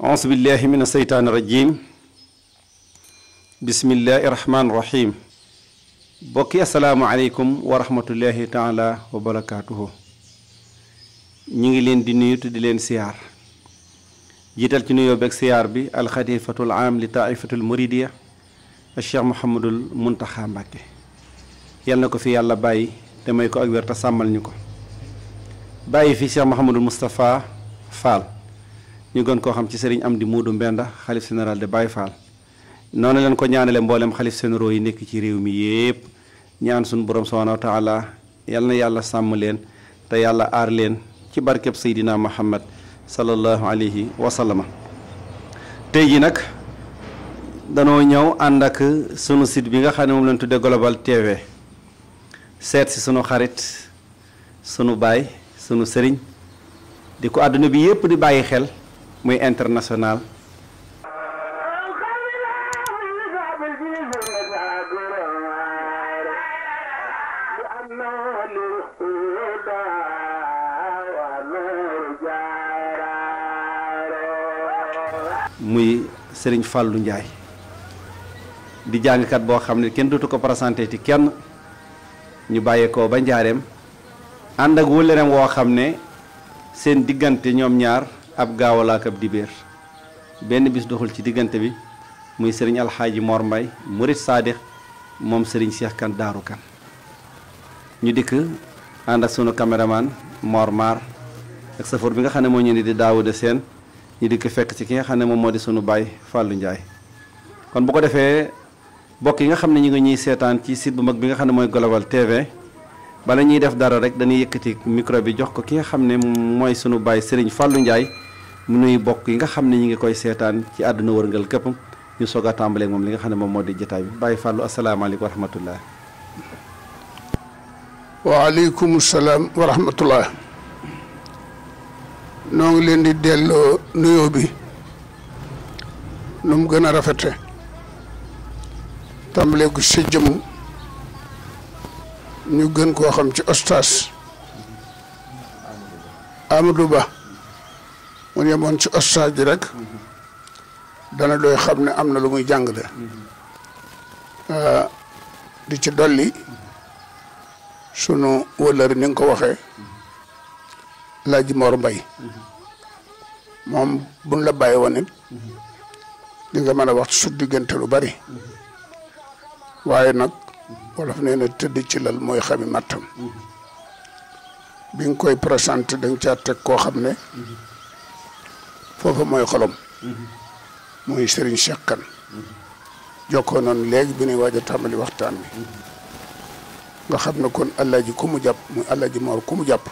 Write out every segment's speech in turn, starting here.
أعوذ بالله من الشيطان الرجيم بسم الله الرحمن الرحيم بكي السلام عليكم ورحمة الله تعالى وبركاته نيجي لين دي لين سيار جيتال تي نيو بك سيار بي الخليفة العام لطائفة المريدية الشيخ محمد المنتخى مكة يالنا كو في يالا باي تمايكو اكبر تسامل نيكو باي في الشيخ محمد المصطفى فال ñu gën koo xam ci sëriñ am di muudu mbenda xalif général de Baye Fall noonu leen ko ñaanale mboolem xalif généraux yi nekk ci réew mi yépp ñaan suñu borom subhanahu wa taala Yalla na yàlla sàmm leen te yalla aar leen ci barkeb sayidina muhammad sallallahu alayhi wa sallam tey ji nag danoo ñëw ànd ak sunu site bi nga xam ne moom lañ tudde global tv seet si sunu xarit sunu baay sunu sëriñ di ko àdduna bi yépp di bàyyi xel muy international muy Serigne Fallou Ndiaye di jàngkat boo xam ne kenn dootu ko présenté ci kenn ñu bàyyeekoo ba njaareem ànd ak wëllëreem woo xam ne seen diggante ñoom ñaar ab kab kab ab ben bis doxul ci diggante bi muy sëriñ alxaaji mor mbay murit saadix moom sëriñ seex kan daaru kan ñu dikk ànd ak sunu caméraman mor maar ak safoor bi nga xam ne di daawuda ñu dikk fekk ci ki nga xam ne moom di sunu bay kon bu ko defee bokk nga xam ne ñu ngi ñuy ci site bu tv bala ñuy def dara rek dañuy yëkkati micro bi jox ko ki nga xam ne mooy sunu baay Serigne Fallou njaay mu nuy bokk yi nga xam ne ñu ngi koy seetaan ci àdduna wërngal képp ñu soog a tàmbalee moom li nga xam ne moom moo di jotaay bi Baye Fallou asalaamaaleykum wa rahmatullah. salaam wa rahmatullah. noo ngi leen di delloo nuyoo bi. nu mu gën a rafete tàmbalee gu sa jëmm. ñu gën koo xam ci ostas Amadou Ba mu yemoon ci ostas ji rek dana doy xam ne am na lu muy jàngale di ci dolli sunu wëllëri ni nga ko waxee Laaji Mor Mbay moom bu la bàyyi woon it di nga mën a wax su diggante lu bari waaye nag wolof nee na tëdd ci lal mooy xami mattam bi nga koy présenté da nga teg koo xam ne foofa mooy xolom mooy Serigne Cheikh Kane jokkoo noonu léegi bi ñuy waaj tàmbali waxtaan bi nga xam ne kon alaaji ku mu jàpp muy alaaji Mor ku jàpp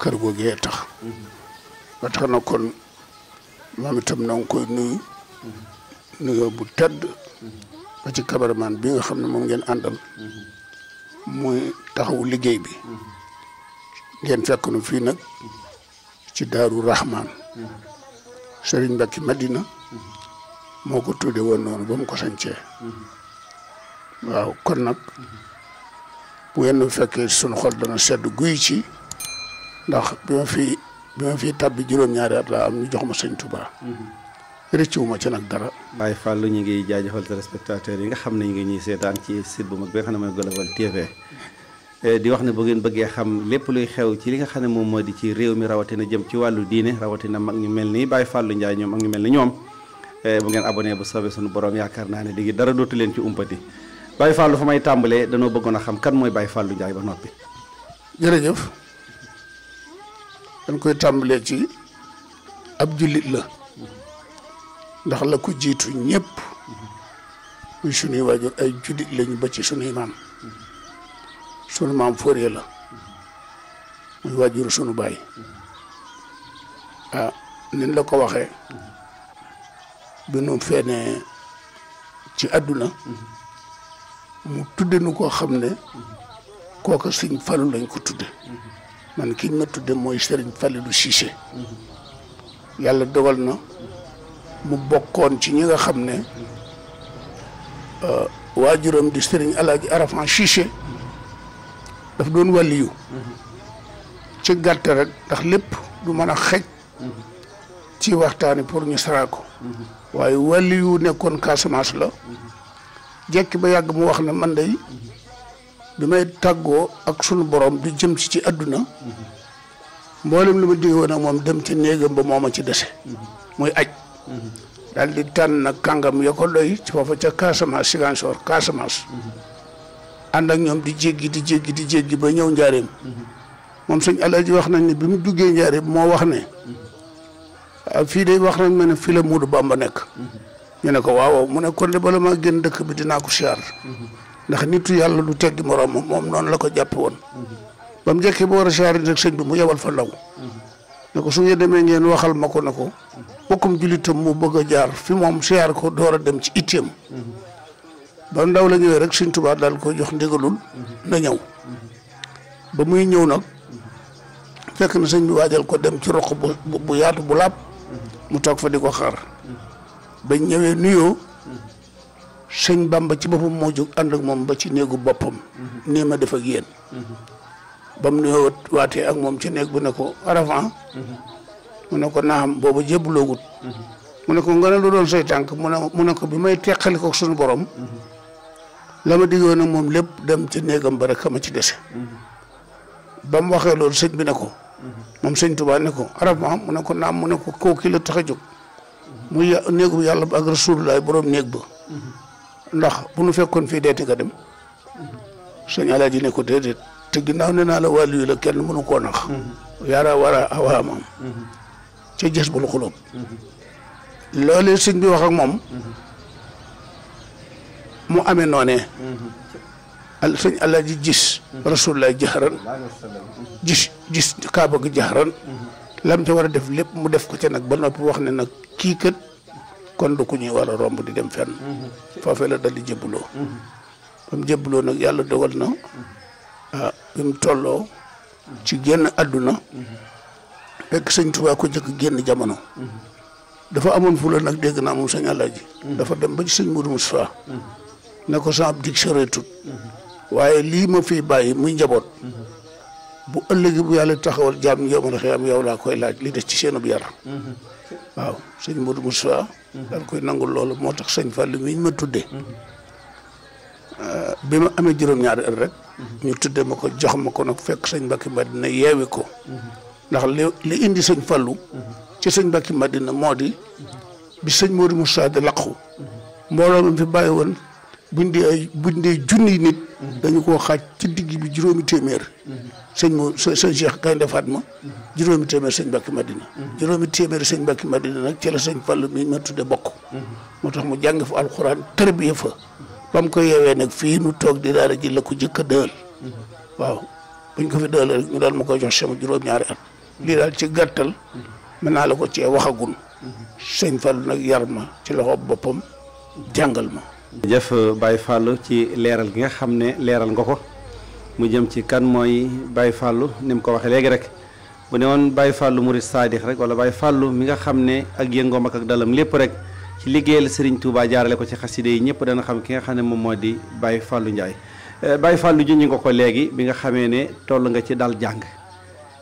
kër googee tax ba tax na kon moom itam na koy nuyu nuyoo bu tedd ba ci cameraman bi nga xam ne moom ngeen àndal muy taxaw liggéey bi ngeen fekk nu fii nag ci daaru Rahman Serigne Mbacké Madina moo ko tudde woon noonu ba mu ko sañcee waaw kon nag bu ngeen fekkee sunu xol dana sedd guy ci ndax bi ma fi bi ma fi tàbbi juróom-ñaari at laa am ñu jox ma sëñ Touba. rëccuwuma ci nag dara. waaye Fallou ñu ngi jaajëfal téléspectateurs yi nga xam ne xam eh, di wax ne bu ngeen bëggee xam lépp luy xew ci li nga xam ne moom moo di ci réew mi rawatina jëm ci wàllu diine rawatina mag ñu mel nii Baye Fallou Ndiaye ñoom mag ñu mel ni ñoom eh, bu ngeen abonné bu soobee suñu borom yaakaar naa ne léegi dara dootu leen ci umpati Baye Fallou fa may tàmbalee danoo bëggoon a xam kan mooy Baye Fallou Ndiaye ba noppi. jërëjëf dañ koy tàmbalee ci ab jullit la. ndax la ko jiitu ñëpp muy sunuy waajur ay juddit lañu ba ci sunuy maam sunu maam fóoree la muy waajuru sunu baay ah nin la ko waxee bi nu fenee ci àdduna mu tudde nu koo xam ne kooka sëñ falu lañ ko tudde man kiñ ma tudde mooy sëriñ Fallu Cissé yàlla dogal na mu bokkoon ci ñi nga xam ne euh, waajuram di sëriñ alaaji arafan Cissé daf doon wàlliyu ci gàtt rek ndax lépp du mën a xej ci waxtaani pour ñu saraa ko waaye wàlliyu nekkoon Casamance la jekki ba yàgg mu wax na man day bi may tàggoo ak sunu borom di jëm ci ci àdduna mboolem lu ma digg woon ak moom dem ci néegam ba mooma ci dese muy aj dal di tan nak kangam ya ko doy ci fofu ca Casamance Sigansor Casamance and ak ñom di jéggi di jéggi di jéggi ba ñew njaareem mom sëñ Alaaji wax nañ ni bi mu duggé njaareem mo wax né ah, fi day wax nañ mëna fi la mudu Bamba nek ñu ne ko waaw mu ne kon li bala ma gën dëkk bi dina ko xiar ndax nitu yalla lu tegg morom mom non la ko japp won bam mu bo wara xiar a siyaar bi mu yewal fa law ne ko su ngeen démé ngeen waxal mako nako bokkum jullitam mu bëgg a jaar fi moom siyaar ko door a dem ci itteem ba ndaw la ñëwee rek Sëñ Tuubaa daal ko jox ndigalul na ñëw ba muy ñëw nag fekk na sëñ bi waajal ko dem ci roq bu yaatu bu laab mu toog fa di ko xaar bañ ñëwee nuyoo sëñ Bamba ci boppam moo jóg ànd ak moom ba ci néegu boppam nii ma def ak yéen nuyoo waatee ak moom ci néeg bu ne ko aravant mu ne ko naam boobu jébbaloogut mu ne ko nga ne lu doon sooy tànk mu ne mu ne ko bi may teqali ko suñu borom lama ma diggoon ak moom lépp dem ci néegam ba rek ma ci dese ba mu waxee loolu sëñ bi ne ko moom sëñ Tuubaa ne ko arab ma mu ne ko naam mu ne ko kooki la tax a jóg muy néegu yàlla ba ak rasulullaay néeg ba ndax bu nu fekkoon fii deeti nga dem sëñ Alaaji ne ko déedéet te ne naa la wàllu yi la kenn mënu koo nax yaara war a awaamam ci jës bu lu xulóob loolu sëñ bi wax ak moom mu amee noonee al sëñ allah ji gis rasulullah jaxaran gis gis kaaba gi jaxaran lam ca war a def lépp mu def ko ca nag ba noppi wax ne nag kii kët kon du ku ñuy war a romb di dem fenn foofee la dal di jébbaloo ba mu nag yàlla dogal na ah bi tolloo ci génn àdduna fekk sëñ tubaa ko njëkk génn jamono. dafa amoon fula nag dégg naa moom sëñ Alaaji dafa dem ba ci sëñ Modou Moustapha. ne ko sama dig soreetut. waaye lii ma fiy bàyyi muy njaboot. bu ëllëgee bu yàlla taxawal jaam ñi yow xiyam yow laa koy laaj li des ci seenub yaram. waaw sëñ Modou Moustapha. daal koy nangu loolu moo tax sëñ Fallou mi ñu ma tuddee. bi ma amee juróom ñaar at rek. ñu tuddee ma ko jox ma ko nag fekk sëñ Mbacke Madina yeewi ko. ndax li indi sëñ Fallou ci sëñ Mbàkke Madina moo di bi sëñ Modou mu di laqu mbooloo mi fi bàyyi woon buñ dee ay buñ dee junni nit dañu koo xaaj ci digg bi juróomi téeméer sëñ mo sëñ Cheikh Gaynde Fatma juróomi téeméer sëñ Mbàkke Madina juróomi téeméer sëñ Mbàkke Madina nag ci la sëñ Fallou mi ma tudde bokk moo tax mu jàng fa alxuraan tërbiye fa ba mu ko yeewee nag fii nu toog di daara ji la ko jëkk a dëël waaw buñ ko fi dëël rek ñu daal ma koy jox sama juróom-ñaari li dal ci gattal mën la ko ci waxagul seigne Fall nag yarma ci loxo bopam jangal ma jëf Baye Fallou ci leeral gi nga xamne ne leeral nga ko mu jëm ci kan moy Baye Fallou nim ko waxe legi rek bu ne woon Baye Fallou mouride saadix rek wala Baye Fallou mi nga xamne ne ak yëngoom ak dalam lepp rek ci liggéeyal Serigne Touba jaarale ko ci khasside yi ñepp dana xam ki nga xamne ne modi di Baye Fallou ndjay eh, Baye Fallou junj nga ko legi bi nga xamene ne nga ci dal jang.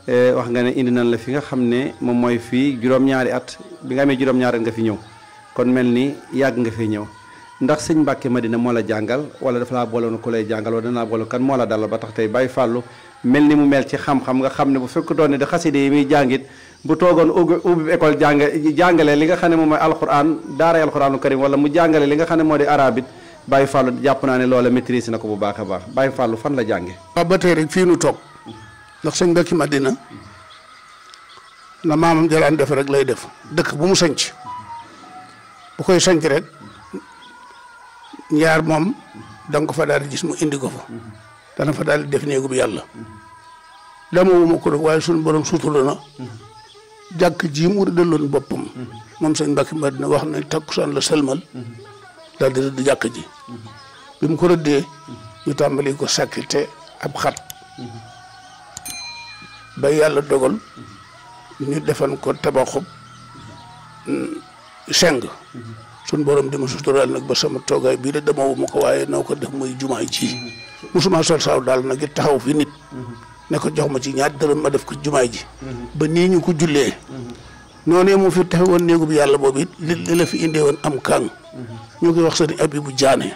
Eh, wax nga ne indi nan la fi nga xam ne moom mooy fii juróom-ñaari at bi nga amee juróom-ñaari at nga fi ñëw kon mel ni yàgg nga fi ñëw ndax sëñ Mbàkke dina moo la jàngal wala dafa laa booloon ku lay jàngal wala dana laa kan moo la dalal ba tax tey bàyyi fàllu mel mu mel ci xam nga xam ne bu fekk doon ne di xaside muy jàngit bu toogoon école jàng jàngale li nga xam ne moom mooy alquran daaray alquranu karim wala mu jàngale li nga xam ne moo di arabit bàyyi fàllu jàpp naa ne loola maîtrise na ko bu baax a baax bàyyi fàllu fan la jànge ba fii nu toog ndax sëñ Mbàkke Madina na maamam jalaan def rek lay def dëkk bu mu sanc bu koy sanc rek ñaar moom danga fa daal di gis mu indi ko dana fa daal di def néegu bi yàlla dama wuma ko def waaye suñu borom suutulu na jàkk ji mu dëlloon boppam moom sëñ Mbàkke Madina wax na takkusaan la sëlmal daal di rëdd jàkk ji bi mu ko dee ñu tàmbali ko sakkite ab xat ba yàlla dogal ñu defan ko tabaxub seng sun borom di ma suturaal nag ba sama toogaay bii de damawu ma ko waaye noo ko def muy jumaay ji musuma sol saaw daal nag it taxaw fi nit ne ko jox ma ci ñaar dërëm ma def ko jumaay ji ba nii ñu ko jullee noonee mu fi tafe woon néegub yàlla boobu it li li la fi indee woon am kàng ñu koy wax sëriñ Abibu Jaane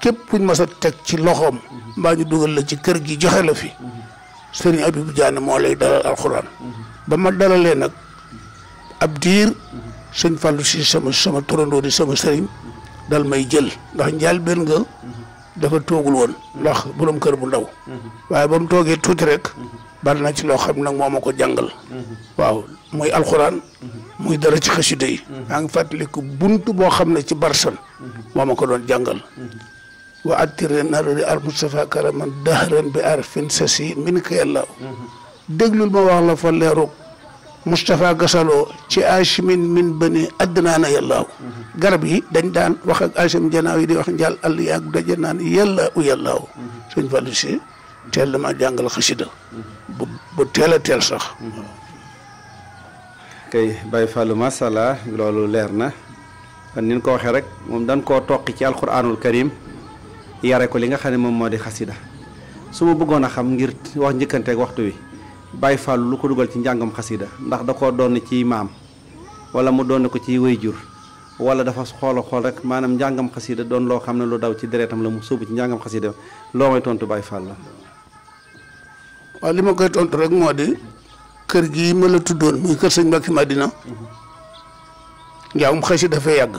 képp kuñ mas a teg ci loxoom mbaa ñu dugal la ci kër gi joxe la fi sëriñ Abibu Jaane moo lay dalal alxuraan ba ma dalalee nag ab diir sëñ Fallou si sama sama turandoo di sama sëriñ dal may jël ndax njaal benn nga dafa toogul woon ndax borom kër bu ndaw waaye ba mu toogee tuuti rek bari na ci loo xam nag moo ma ko jàngal waaw muy alxuraan muy dara ci xasida yi maa ngi fàttaliku bunt boo xam ne ci barsan moo ma ko doon jàngal وعدرنا لأرب مصطفى كرما دهرا بأرف سسي منك يا الله الموالا فليرب مصطفى قصلو تي عايش من من بني أدنانا يا الله قربي دندان وخك عايش من جناوي دي وخن جال اللي ياك دجنان يا الله ويا الله سن ما جانغل خشيدا بو تيال صح كي باي فالو ما صلاة لولو ليرنا ننكو خيرك ممدن كو القرآن الكريم yare ko li nga xam mom modi khassida suma bëggona xam ngir wax ak waxtu wi bay fàllu lu ko duggal ci njàngam khassida ndax da ko doon ci maam wala mu doon ko ci wayjur wala dafa xol xol rek manam njàngam khassida doon lo xamne lu daw ci deretam la mu sóobu ci khassida lo may tontu bay la koy tontu rek modi di kër gi ma la tuddoon muy kër sëñ Mbàkke Madina mhm. ngaawum khassida fa mhm.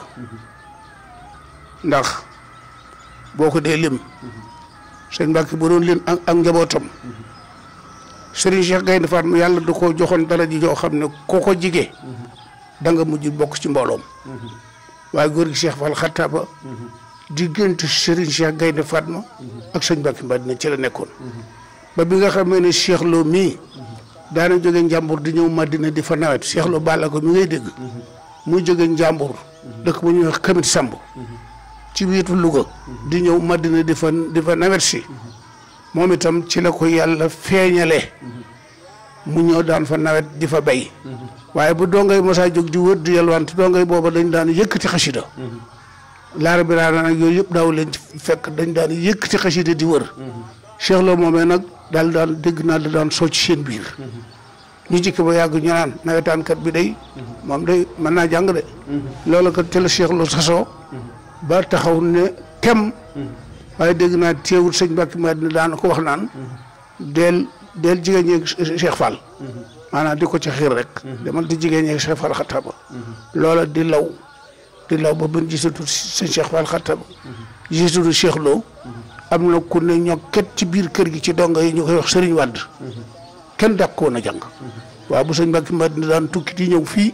ndax boo ko dee lim sëñ Mbàkke bu doon lim ak njabootam sëriñ Cheikh Gaynde Fatma yàlla da koo joxoon dara ji joo xam ne koo ko jige da nga mujj bokk ci mbooloom waaye góor gi Cheikh Fall Xattaaba diggante sëriñ Cheikh Gaynde Fatma ak sëñ Mbàkke Madina ci la nekkoon ba bi nga xamee ne Cheikh Lo mii daana jóge njàmbur di ñëw Madina di fa nawet Cheikh baala ko mi ngay dégg muy jóge njàmbur dëkk bu ñuy wax Kamit Samb ci wetu Louga di ñëw Madina di fa nawet si moom itam ci la ko yàlla feeñale mu ñëw daan fa nawet di fa bay waaye bu dongay mosaa jóg di wër di yalwante dongay booba dañ daan ti xasida laara bi laa nag yooyu yëpp daaw leen fekk dañ daan yëkkati xasida di wër Cheikh Lo moomee nag daal daan dégg naa da daan socc seen biir ñu jikki ba yàgg ñu naan nawetaankat bi day moom day mën naa jàng de loolu kat te la Cheikh sasoo ba taxaw ne kem waaye dégg naa teewul sëñ Mbàkke Madina daan ko wax naan del del jigéen ñeeg Cheikh Fall maanaam di ko ci xiir rek demal di jigéen ñeeg Cheikh Fall xattaba loola di law di law ba bën gisatu sëñ Cheikh Fall xattaba gisatu Cheikh Lo am na ku ne ñokket ci biir kër gi ci donga yi ñu koy wax sëriñ Wàdd kenn dàkkoon a jàng waaw bu sëñ Mbàkke Madina daan tukki di ñëw fii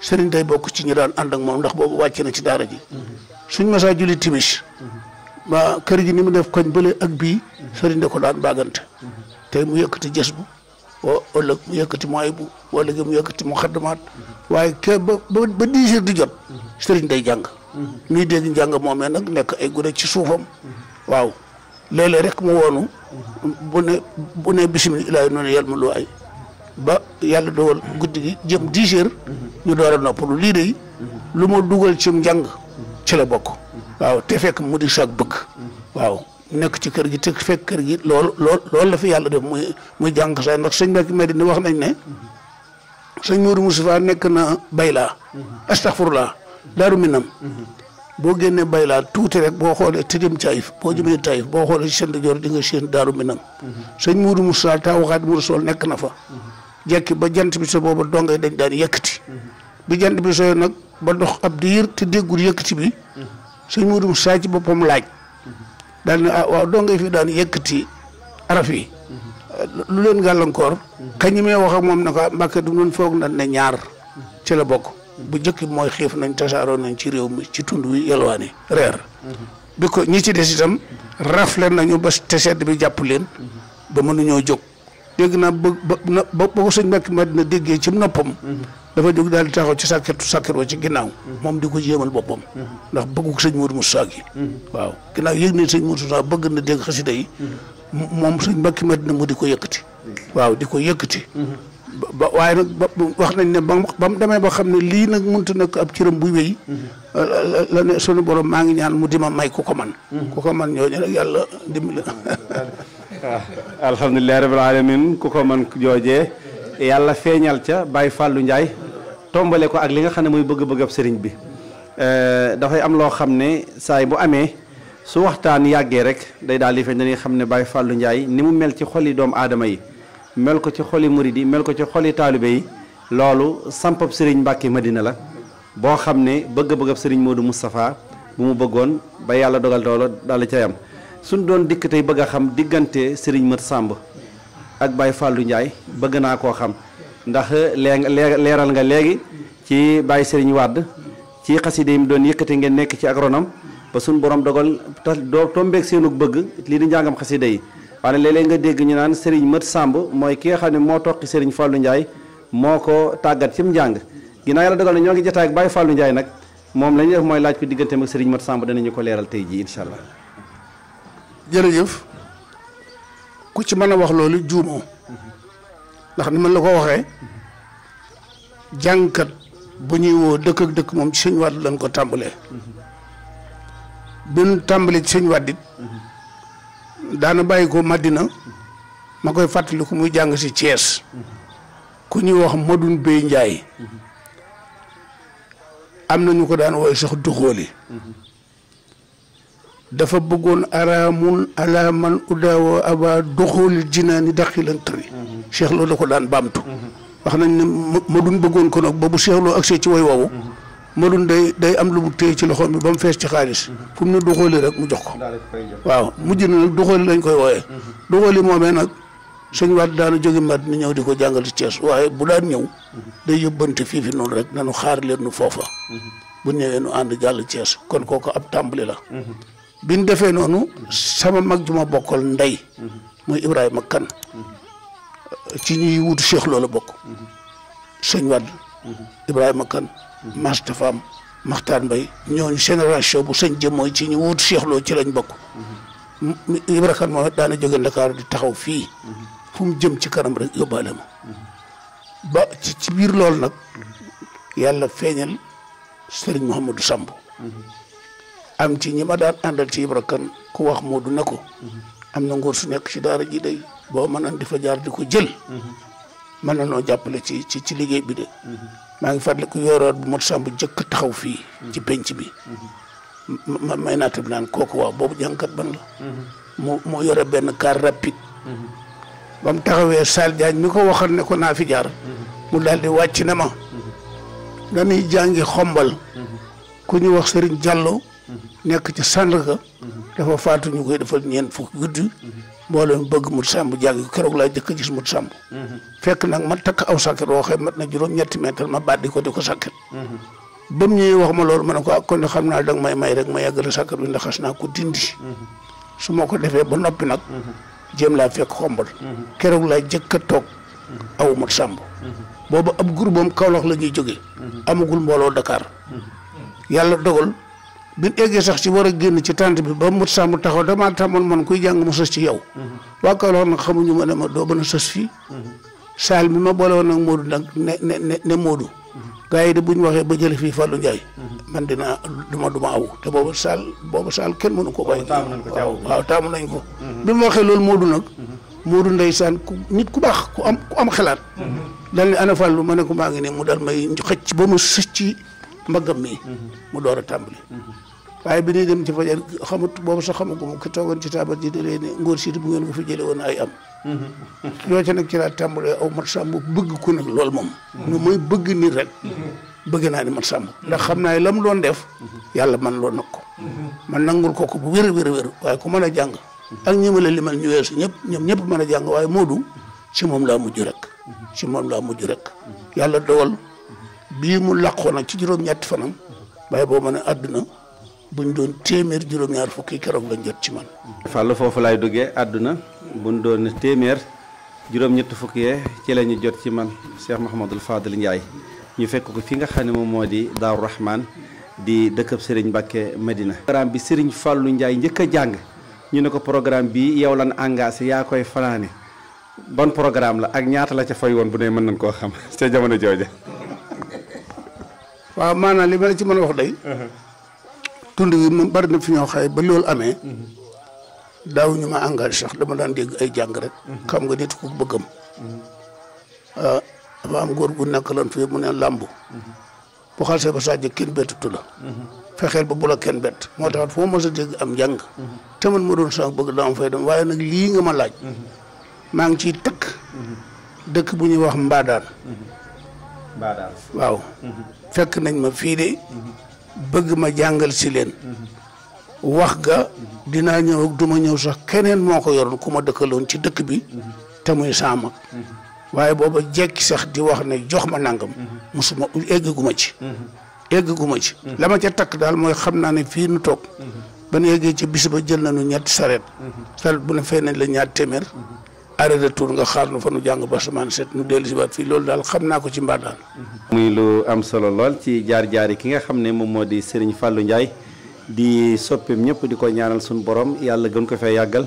sëriñ day bokk ci ñu daan ànd ak moom ndax boobu wàcc na ci daara ji suñ masaa julli timis ba kër gi ni mu def koñ bële ak bii sëriñ de ko daan bàggante tey mu yëkkati jës bu o ëllëg mu yëkkati mooy wala mu yëkkati mu xaddamaat waaye ke ba ba di jot sëriñ day jàng ñuy dégg njàng moomee nag nekk ay gune ci suufam waaw léeg-léeg rek mu woonu bu ne bu ne noonu yàlla mu lu ay ba yàlla dogal guddi gi jëm dix heures ñu door a noppalu lii de lu ma dugal ci njàng ci la bokk waaw te fekk mu di choc bëgg waaw nekk ci kër gi te fekk kër gi lool loolu loolu la fi yàlla def muy muy jàng say ndax sëñ Mbacke Madina wax nañ ne sëñ Mourou Moustapha nekk na Bayla astaghfirullah daaru minam boo génnee Bayla tuuti rek boo xoolee te jëm Taïf boo jëmee Taïf boo xoolee si seen rajo di nga seen daaru minam sëñ Mourou Moustapha taawu Xaadimu Rasuul nekk na fa jekki ba jant bi sa booba dongay dañ daan yëkkati bi jant bi sooy nak ba dox ab diir te déggul yëkkati bi sëñ Moodu Musaa ci bopam laaj dal na ah waaw doo ngay fi daan yëkkati araf yi lu leen gàllankoor ka ñi me wax ak mom ah, na ko du doon foog nan ne ñaar ci la bokk bu jëkk moy xef nañ tassaro nañ ci réew mi ci tundu wi yelwaani biko ñi ci dess itam rafle nañu ba te bi japp leen ba ñoo jóg dégg naa ba ba ba ko sëñ Mbàkke Madina déggee ci noppam. Mm-hmm. dafa jog daal di taxaw ci sàkket sàkket wa ci ginnaaw. Mm-hmm. moom di ko jéemal boppam. Mm-hmm. ndax bëggu ko sëñ Modou Moussa gi. waaw ginnaaw yëg ne sëñ Modou Moussa bëgg na dégg xasida moom suñ Mbàkke Madina mu di ko yëkkati. waaw di ko yëkkati. waaye nag ba wax nañ ne ba ba mu demee ba xam ne lii nag mënut nekk ab cëram bu wéy. la ne sunu borom maa ngi ñaan mu dima may ku ko man ku ko man ñooñu nag yàlla dimbali. waaw ah, alhamdulilahi rabbil alamin ku ko man joojee yàlla feeñal ca Baye Fallou Ndiaye tombale ko ak li nga xam ne muy bëgg-bëgg ab sëriñ bi eh, dafay am loo xam ne saay bu amee su waxtaan yàggee rek day daal di feeñ dañuy xam ne Baye Fallou Ndiaye ni mu mel ci xoli doomu aadama yi mel ko ci xoli murid mel ko ci xoli taalibe yi loolu sampab sëriñ Mbàkke Madina la boo xam ne bëgg-bëgg ab sëriñ Modou Moustapha bu mu bëggoon ba yàlla dogal doolo daal di cay am suñ doon dikk tey bëgg a xam diggante Serigne Mat Samb ak Baye fallu Ndiaye bëgg naa koo xam ndax lee leeral nga léegi ci Baye Serigne Wade ci xaside yi mu doon yëkkate ngeen nekk ci agronome ba suñ borom dogal tax doo tombeeg seenug bëgg lii di njàngam xaside yi waaye léeg-léeg nga dégg ñu naan Serigne mët Samb mooy ki nga xam ne moo toqi Serigne Fallou Ndiaye moo ko tàggat ci mu njàng ginnaaw yàlla dogal na ñoo ngi jotaay ak Baye Fallou Ndiaye nag moom la ñuy def mooy laaj ko digganteem ak Serigne Mat Samb danañu ko leeral tey jii incha jërëjëf ku ci mën a wax loolu juumoo ndax ni man la ko waxee jànkat bu ñuy woo dëkk ak dëkk moom ci sëñ Wàdd lañ ko tàmbalee bi ñu tàmbalee ci sëñ Wàdd it daana bàyyi ko Madina ma koy fàttaliku muy jàng si Thiès ku ñuy wax Madun Bey Njaay am na ñu ko daan wooye sax duxóoli dafa bëggoon araamul ala man udaawa aba doxooli jinaani daxilan tawi mhm. cheikh loo da ko daan baamtu mhm. wax nañ ne madun bëggoon ko nag boobu cheikh loo accès ci way woowu mhm. madun day day am lu mu téye ci loxoom bi ba mu fees ci xaalis fu mu ne doxooli rek mu jox ko waaw mujj na nag doxooli lañ koy wooyee doxooli moomee nag sëñ waat daana jóge mat ni ñëw di ko jàngal ci Thiès waaye bu daan ñëw day yóbbante fii fi noonu rek nanu xaar leen nu foofa bu ñëwee nu ànd jàll Thiès kon kooku ab tàmbali la biñ defee noonu sama mag ju ma bokkal ndey muy Ibrahima Kan ci ñuy wut Cheikh loola bokk sëñ Wàdd Ibrahima Kan Mastafam Maxtaan Mbay ñooñu génération bu sëñ jëm ci ñu wut Cheikh ci lañ bokk Ibrahima Kan moom daana jóge Ndakaaru di taxaw fii fu jëm ci kanam rek yóbbaale ma ba ci biir loolu nag yàlla feeñal Sëriñ Mouhamadou Samb am ci ñima daan andal ci ibrakan ku wax Moodu na am na ngor su nek ci daara ji day bo mënoon di fa jaar di ko jël man na no jappale ci ci ci liggey bi de ma ngi ku yoroot bu mot sambu taxaw fi ci penc bi ma may na bi nan koku wa bobu jankat ban la mu mo yore ben car rapide bam taxawé sal Sall mi ko waxal ne ko na fi jaar mu daldi di na ma dañuy jangi xombal ku ñu wax Serigne Diallo nekk ci Sandaga dafa faatu ñu koy defal ñeent fukki guddi mboolem bëgg mut sàmb jàng keroog laa jëkk gis mut sàmb fekk nag ma takk aw sàkket woo na juróom ñetti meetar ma bàddi ko di ko sàkket ba mu ñëwee wax ma loolu ma ne ko ah, kon xam naa danga may may rek ma yàggale sàkket bi ndax xas naa ko dindi su ma ko defee ba noppi nag jéem laa fekk xombal keroog laay jëkk a toog aw mut sàmb boobu ab groupe am Kaolack la ñuy jógee amagul mbooloo Dakar yàlla dogal bi eggee sax ci war a génn ci tànt bi ba mut sàmm taxaw damaa tàmmoon man kuy jàng ma sos ci yow waa Kaolack nag xamuñu ma ne ma doo a sos fii saal bi ma boole woon nag Modou nag ne ne ne Modou gars yi waxee ba jële fii Fallou Ndiaye man dinaa duma duma aw te boobu saal boobu saal kenn mënu ko bàyyi waaw waaw taamu nañ ko bi mu waxee loolu Modou nag Modou ndeysaan ku nit ku baax ku am am xalaat dal ne ana Fallou ma ne ko ne mu dal may xëcc ba mu sëcc mbaggam mi mu door a tàmbali waaye bi ñuy dem ci fajar xamut boobu sax xamu ko ki toogoon ci taabal ji da leen ne ngóor siit bu ngeen ko fi jële woon ay am loo ca nag ci laa tàmbalee aw mat sàmb bëgg ku nag lool moom nu mm-hmm. mooy bëgg nii rek bëgg naa ni mat sàmb ndax xam naa lam doon def mm-hmm. yàlla man loo nag ko mm-hmm. man nangul ko ko bu wér wér wér waaye ku mën a jàng ak ñi ma la limal ñu weesu ñëpp ñoom ñëpp mën a jàng waaye moodu si moom laa mujj rek si moom laa mujj rek yàlla dowal bii mu làqoo nag ci juróom-ñetti waaye boo mën a àdduna buñ doon téeméer juróom-ñaar fukki keroog lañ jot ci man. fàll foofu lay duggee àdduna buñ doon téeméer juróom-ñett fukki yee ci la ñu jot ci man Cheikh Mouhamadul Fadil Ndiaye ñu fekk ko fi nga xam ne moom moo di Daaru Rahman di dëkkab Serigne Medina. programme bi Serigne Fallou Ndiaye njëkk a jàng ñu ne ko programme bi yow lan engagé yaa koy fanaane bon programme la ak ñaata la ca fay woon bu ne mën nañ koo xam ca jamono jooja. waaw maanaam ma ci mën wax day. Uh-huh. tund wi moom bari na fi ñoo xaye ba loolu amee daaw ñu ma engagé sax dama daan dégg ay jàng rek xam nga nit ku bëggam ah dafa am góor gu nekk lan fii mu ne làmb bu xasee ba Sadio kenn bettutu la fexeel ba bu la kenn bett moo tax foo ma a dégg am jàng te man ma doon sax bëgg dama fay dem waaye nag lii nga ma laaj maa ngi ci takk dëkk bu ñuy wax mbaadaan mbaadaan waaw fekk nañ ma fii de bëgg ma jàngal si leen wax ga dinaa ñëw duma ñëw sax keneen moo ko yoroon ku ma dëkkaloon ci dëkk bi te muy saama waaye booba jekki sax di wax ne jox ma nangam musuma eggaguma ci eggaguma ci la ma ca takk daal mooy xam naa ne fii nu toog ba nu eggee ci bis ba jël nañu ñetti sareet sareet bu ne fay la ñaar téeméer arrêté tour nga xaar nu fa nu jàng basamaan set nu dell si waat fii loolu daal xam naa ko ci Mbadane. muy lu am solo lool ci jaar jaar yi ki nga xam ne moom moo di Serigne fàllu Ndiaye di soppeem ñëpp di ko ñaanal suñu boroom yàlla gën ko fee yàggal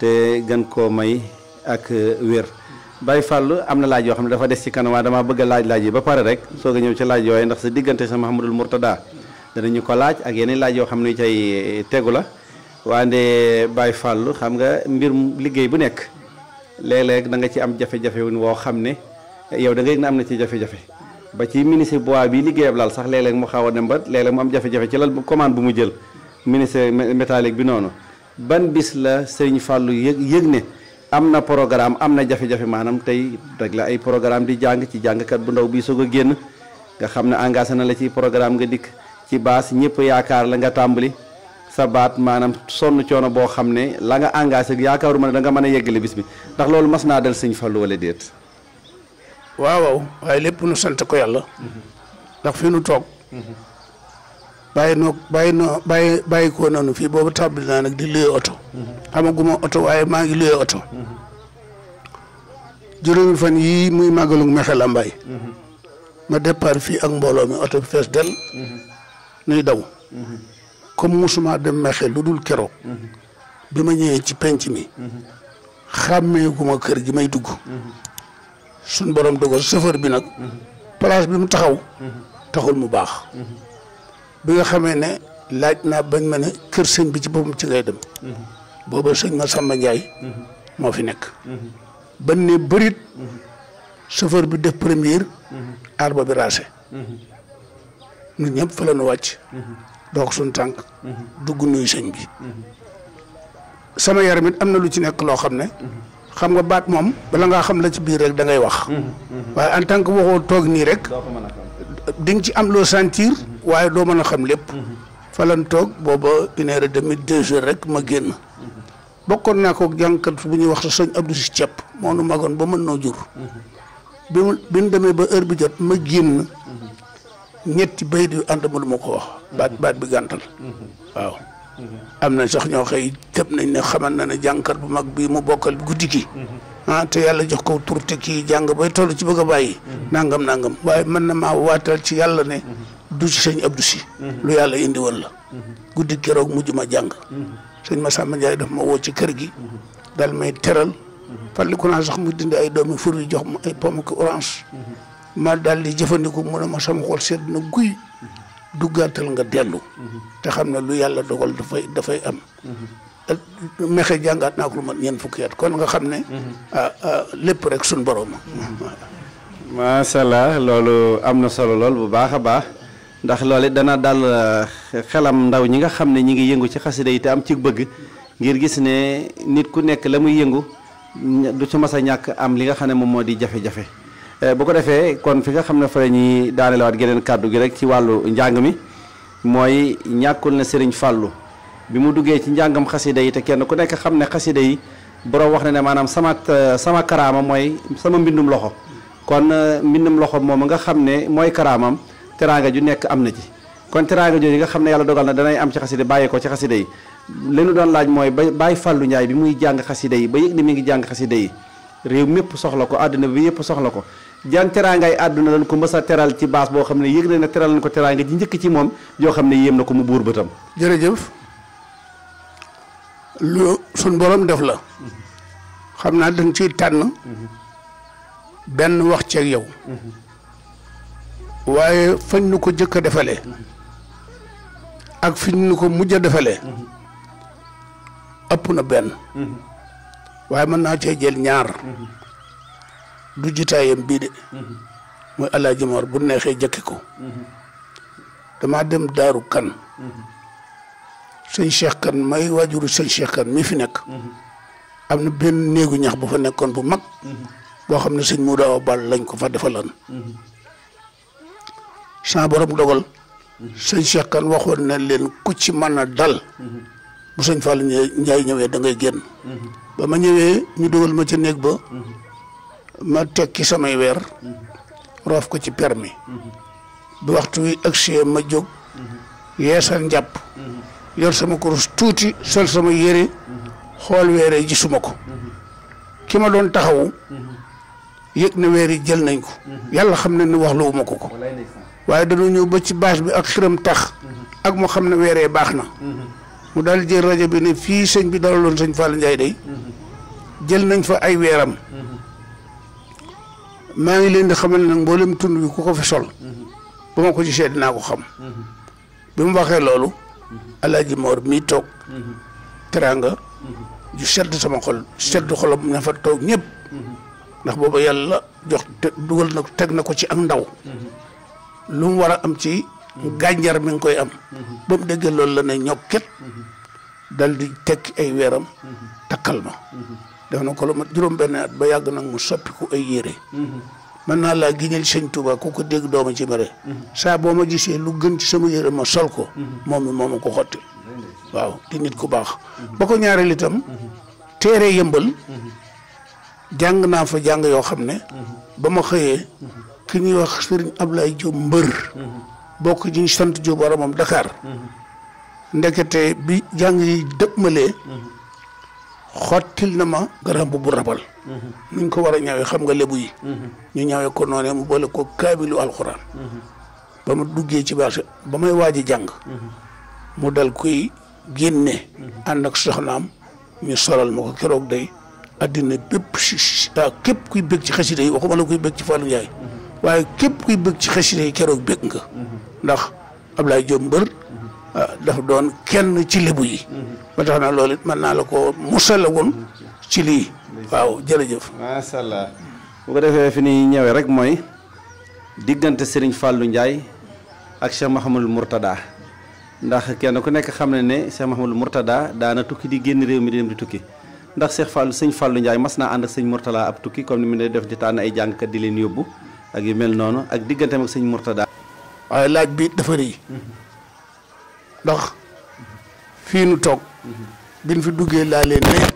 te gën koo may ak wér. Baye Fallou am na laaj yoo xam ne dafa des ci kanam waaye damaa bëgg a laaj laaj yi ba pare rek soo a ñëw ci laaj yooyu ndax sa diggante sa Mahamadul Mourtada danañu ko laaj ak yeneen laaj yoo xam ne cay tegu la waaye Baye xam nga mbir liggéey bu nekk. léeg-léeg nga ci am jafe-jafe woo xam ne yow da nga yëg na am na ci jafe-jafe ba ci ministre bois bi liggéeyam laal sax léeg-léeg mu xaw a dem ba léeg-léeg mu am jafe-jafe ci lal commande bu mu jël ministre métallique bi noonu ban bis la sëriñ fàllu yëg yëg ne am na programme am na jafe-jafe maanaam tey rek la ay programme di jàng ci jàngkat bu ndaw bii soog a génn nga xam ne engagé na la ci programme nga dikk ci baas ñëpp yaakaar la nga tàmbali sa baat maanaam sonn coono boo xam ne la nga engagé yaakaaruma ne da nga mën a yeggale bis bi ndax loolu mas naa dal sëñ Fallou wala déet. waaw waaw waaye lépp nu sant ko yàlla. ndax fi nu toog. bàyyi noo bàyyi noo bàyyi bàyyi ko noonu fii boobu tàmbali naa nag di luye oto. xamaguma oto waaye maa ngi luye oto. juróomi fan yii muy màggalu Mexe Lambaay. ma départ fii ak mbooloo mi oto bi fees del. nuy daw. comme musuma dem mexe lu dul keroog. bi ma ñëwee ci penc mi. xàmmeeguma kër gi may dugg. suñ borom dogal chauffeur bi nag. place bi mu taxaw. taxul mu baax. bi nga xamee ne laaj naa bañ ma ne kër sëñ bi ci boppam ci ngay dem. booba sëñ ma Samba moo fi nekk. ban ne bërit. chauffeur bi def première. arba bi raase. ñun ñëpp fa la wàcc. doog suñ tànk dugg nuyu sëñ bi sama yaram it am na lu ci nekk loo xam ne xam nga baat moom bala ngaa xam la ci biir rek da ngay wax waaye en tant que waxoo toog nii rek di nga ci am loo sentir waaye doo mën a xam lépp falan toog booba une heure et demie deux heures rek ma génn bokkoon naa ko jànkat bu ñuy wax sa sëñ Abdou si ceeb moo nu magoon ba mën noo jur bi mu demee ba heure bi jot ma génn ñetti bayit yu ànd mënu ma ko wax baat baat bi gàntal waaw am na sax ñoo xëy tëb nañ ne xamal na ne jànkar bu mag bi mu bokkal guddi gi ah te yàlla jox ko tur te kii jàng bay toll ci ba a bàyyi nangam nangam waaye mën na maa waatal ci yàlla ne du ci sëñ Abdou Si lu yàlla indi woon la guddi keroog mujj ma jàng sëñ Massamba Ndiaye daf ma woo ci kër gi dal may teral farliku naa sax mu dindi ay doomi fur yi jox ma ay pomme orange ma dal di jëfëndiku mu ne ma sama xol sét na guy duggaatal nga dellu te xamna lu yalla dogal da fay am mexe jangat na ko lu mat ñeent fukki at kon nga xamne ne mhm. ah, ah, lépp rek sun borom sha Allah lolu amna solo lol bu baax baax ndax lolé dana dal eh, xelam ndaw ñi nga xamne ñi ngi yëngu ci xassida yi te am ci bëgg ngir gis ne nit ku nekk lamuy yëngu du ci massa ñak am li nga xamne mom modi jafé jafé Eh, bu ko defee kon fi nga xam ne fa la ñuy geneen kàddu gi rek ci wàllu njàng mi mooy ñàkkul na Serigne Fallou bi mu duggee ci njàngam xasida yi te kenn ku nekk xam ne xasida yi borom wax na ne maanaam sama eh, sama karaama mooy sama mbindum loxo kon eh, mbindum loxo moom nga xam ne mooy karaamam teraanga ju nekk am na ci kon teraanga jooju nga xam ne yàlla dogal na danay am ci xasida bàyyi ko ci xasida yi li ñu doon laaj mooy ba bàyyi Fallou Ndiaye bi muy jàng xasida yi ba yëg mi ngi jàng xasida yi réew mépp soxla ko àddina bi yëpp soxla ko jan teraangaay àdduna lañ ko mës a teral ci baas boo xam ne yëg na teral nañ ko teraanga ji njëkk ci moom yoo xam ne yéem na ko mu buur bëtam jërëjëf lu suñ borom def la xam naa dañ ciy tànn benn wax ceeg yow waaye fañ nu ko jëkk a defalee ak fiñ nu ko mujj a defalee ëpp na benn waaye mën naa ci jël ñaar du jitaayam bii de mhm. mooy Alaaji Mor bu neexee jëkki ko mhm. damaa dem daaru kan mhm. sëñ Cheikh kan may waajuru sëñ Cheikh kan mi fi nekk am na benn néegu ñax bu fa nekkoon bu mag boo xam ne sëñ mu Awa Bal lañ ko fa defaloon sans borom dogal sëñ Cheikh kan waxoon na leen ku ci man a dal bu sëñ Fall Njaay ñëwee da génn ba ma ñëwee ñu dogal ma ca néeg ba ma ki samay weer roof ko ci permis bu waxtu wi agsi ma jóg yeesal njàpp yor sama kurus tuuti sol sama yére xool weer yi gisuma ko ki ma doon taxawu yëg na weer yi jël nañ ko yàlla xam ne ni wax lu wuma ko ko waaye dañoo ñëw ba ci bâche bi ak xiram tax ak mu xam ne weeree baax na mu daal jël rajo bi ne fii sëñ bi dalaloon sëñ Fall Ndiaye jël nañ fa ay weeram maa ngi leen di xamal ne nag mboolem tund bi ku ko fi sol ba ma ko gisee dinaa ko xam bi mu waxee loolu alaaji Mor mii toog teraanga ju sedd sama xol sedd xolam ña toog ñëpp ndax booba yàlla jox dugal na teg na ko ci am ndaw lu mu war a am ci gànjar mi ngi koy am ba mu déggee loolu la ne ñokket dal di tekki ay weeram takkal ma def na ko lu mat juróom-benn at ba yàgg nag mu soppiku ay yére. man mm-hmm. naa laa giñal sëñ Tuuba ku ko dégg dooma ci bare mm-hmm. saa boo ma gisee lu gën ci sama yére ma sol ko mm-hmm. moom mi mooma ko xotti waaw di nit ku baax ba ko ñaareel itam téere yëmbal jàng naa fa jàng yoo xam ne ba ma xëyee ki ñuy wax sëriñ Ablaye Diop mbër bokk ji sant Diop a moom Dakar ndekete bi jàng yi dëpp malee xottil na ma garab bu rabal mm-hmm. nuñ ko war a ñawee xam nga lebu yi mm-hmm. ñu ñawee ko noonee mu boole ko kaamilu alxuraan mm-hmm. ba ma duggee ci baax ba may waaj a jàng mu dal koy génne ànd ak soxnaam ñu solal ma ko keroog day addina bépp taa ah, képp kuy bëgg ci xasida yi waxuma la kuy bëgg ci Fallou Ndiaye waaye képp kuy bëgg ci xasida yi keroog bëgg nga ndax Ablaye Diop mbër daf doon kenn ci lebu yi mm-hmm. ba tax na loolu it mën naa la ko musalagun ci lii waaw jërëjëf macha allah bu ko defee fi ni ñëwee rek mooy diggante Serigne Fallou Ndiaye ak murtada, Mahamadou Mourtada ndax kenn ku nekk xam ne ne Cheikh Mahamadou Mourtada daana tukki di génn réew mi di dem di tukki ndax Cheikh Fallou sëñ Fallou Ndiaye mas naa anda ak murtala Mourtada ab tukki comme ni mu ne def di tànn ay jàngkat di leen yóbbu ak yu mel noonu ak digganteem ak sëñ Mourtada waaye laaj bi dafa rëy mm-hmm. ndax fii nu toog biñ fi duggee laa leen ne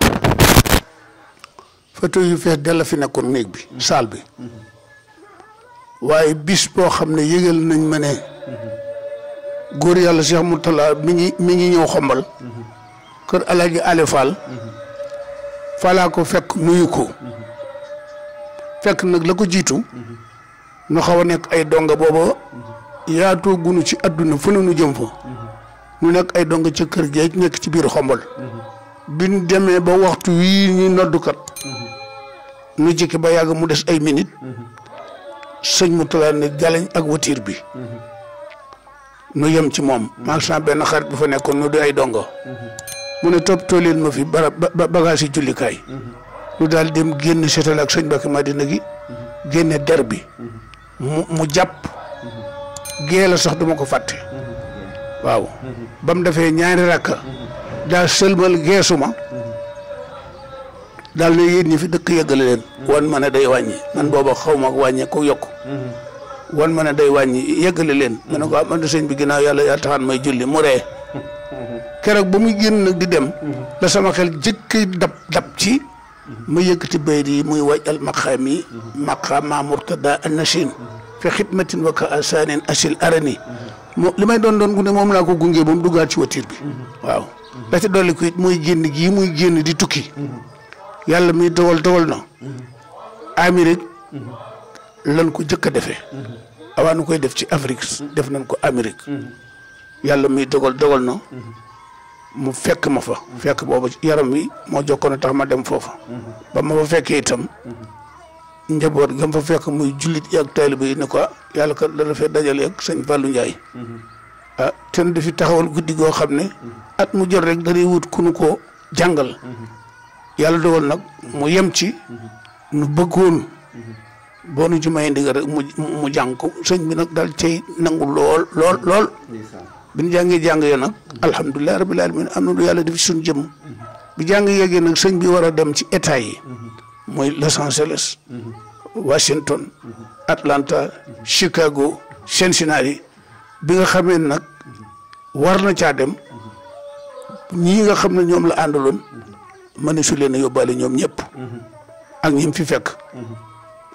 photo yu fees a fi nekkoon néeg bi saal bi waaye bis boo xam ne yëgal nañ ma ne góor yàlla Cheikh Moutalla mi ngi mi ngi ñëw xombal kër Alaaji Ale Fall falaa ko fekk nuyu ko fekk nag la ko jiitu nu xaw a nekk ay donga boobu yaatoo gunu ci adduna fu ne nu jëm fa ñu nekk ay dong ci kër geej nekk ci biir xombol biñ demee ba waxtu wii ñuy noddukat ñu jikki ba yàgg mu des ay minit sëñ mu tolaa ne galañ ak watiir bi nu yem ci moom maag sama benn xarit bu fa nekkoon nu di ay dongo mu ne topp toolil ma fi bara bagage yi jullikaay ñu daal dem génn seetal ak sëñ Bakki Madina gi génne der bi mu jàpp gee sax duma ko fàtte waaw ba mu defee ñaari rakka daa sëlmal ma daal ne yéen ñi fi dëkk yëggale leen wan ma ne day wàññi man booba xaw ma wàññi ko yokk wan ma ne day wàññi yëggale leen ma ne ko am ah, na sëñ bi ginnaaw yàlla yaa taxaan may julli mu ree keroog ba muy génn nag di dem la sama xel jëkki dab dab ci ma yëkkati bayit yi muy waj al maqaam yi maqaama murtada an nasin fi xidmatin wa ka asanin asil arani li may doon doon gune moom laa ko gunge ba mu duggaat ci voiture bi. Mm-hmm. waaw la ci dolli ko it muy génn gii muy génn di tukki. Mm-hmm. yàlla mi dogal dogal na. Mm-hmm. Amérique lan ko jëkk a defee. avant nu koy def ci Afrique def nañ ko Amérique. yàlla mi dogal dogal na. mu fekk ma fa. fekk boobu yaram wi moo jokkoon tax ma dem foofa. ba ma fa fekkee itam. njaboot gam fa fekk muy jullit yi ak taaliba yi ne ko yàlla kat dana fee dajale ak sëñ Fallou Ndiaye. Mm-hmm. ah te dafi taxawal guddi goo xam ne. Mm-hmm. at mu jël rek danay wut kunu ko jàngal. Mm-hmm. yàlla dogal nag mu yem ci. nu bëggoon. boo nu ci may ndigal mu mu jàng ko sëñ bi nag daal cay nangu lool lool lool. bi jàngee jàng yooyu nag. alhamdulilah rabbil alamin am na lu yàlla def ci suñu jëmm. bi jàng yeggee nag sëñ bi war a dem ci état yi. mooy Los Angeles Washington Atlanta Chicago Cincinnati bi nga xamee nag war na caa dem ñii nga xam ne ñoom la àndaloon mëne su leen a yóbbaale ñoom ñëpp ak ñim fi fekk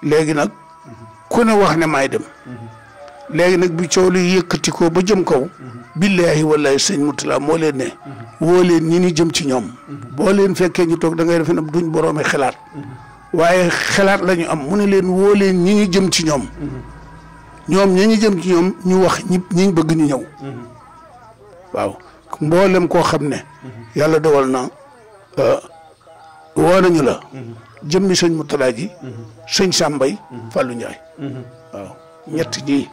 léegi nag ku ne wax ne maay dem léegi nag bi coow li yëkkati ko ba jëm kaw billaahi wallaahi sëñ Mutula moo leen ne woo leen ñi ni jëm ci ñoom boo leen fekkee ñu toog da ngay defe ne duñ boroome xalaat waaye xalaat lañu am mu ne leen woo leen ñi ñu jëm ci ñoom ñoom ñi ñu jëm ci ñoom ñu wax ñi ñi bëgg ñu ñëw waaw mboolem koo xam ne yàlla dowal na euh, woo nañu la jëmmi sëñ Murtadaa ji sëñ Sàmbay Fàllu Njaay waaw ñett ñii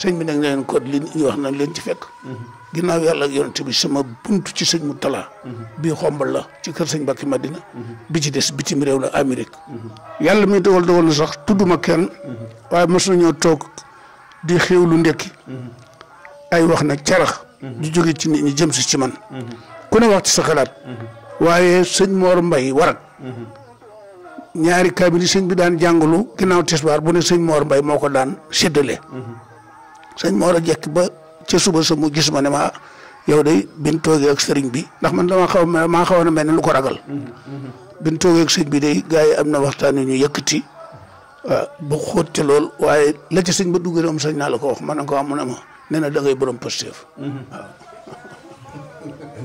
sëñ bi nag leen ko li ñu wax nañ leen ci fekk ginnaaw yàlla ak yonent sama bunt ci sëñ mu talaa bii xombal la ci kër sëñ Mbàkke Madina bi ci des bitim réew la Amérique yàlla mi dogal dogal na sax ma kenn waaye mos nañoo toog di xéew lu ndekki ay wax nag carax di jóge ci nit ñi jëm si ci man ku ne wax ci sa xalaat waaye sëñ Moor Mbay warak ñaari kaamil sëñ bi daan jàngalu ginnaaw tisbaar bu ne sëñ Moor Mbay moo ko daan séddale sëñ Moor a jekk ba ca suba sa mu gis ma ne ma yow day bin toogee ak sëriñ bi ndax man dama xaw ma xawoon a mel na lu ko ragal mm-hmm, mm-hmm. bin toogee ak sëriñ bi day gars yi am na waxtaan yu ñu yëkkati waaw ah, bu xóot ci lool waaye la ci sëñ ba dugg moom sañ naa la ko wax man na ko amoon ah, na ma nee na da ngay borom Pastef waaw mm-hmm.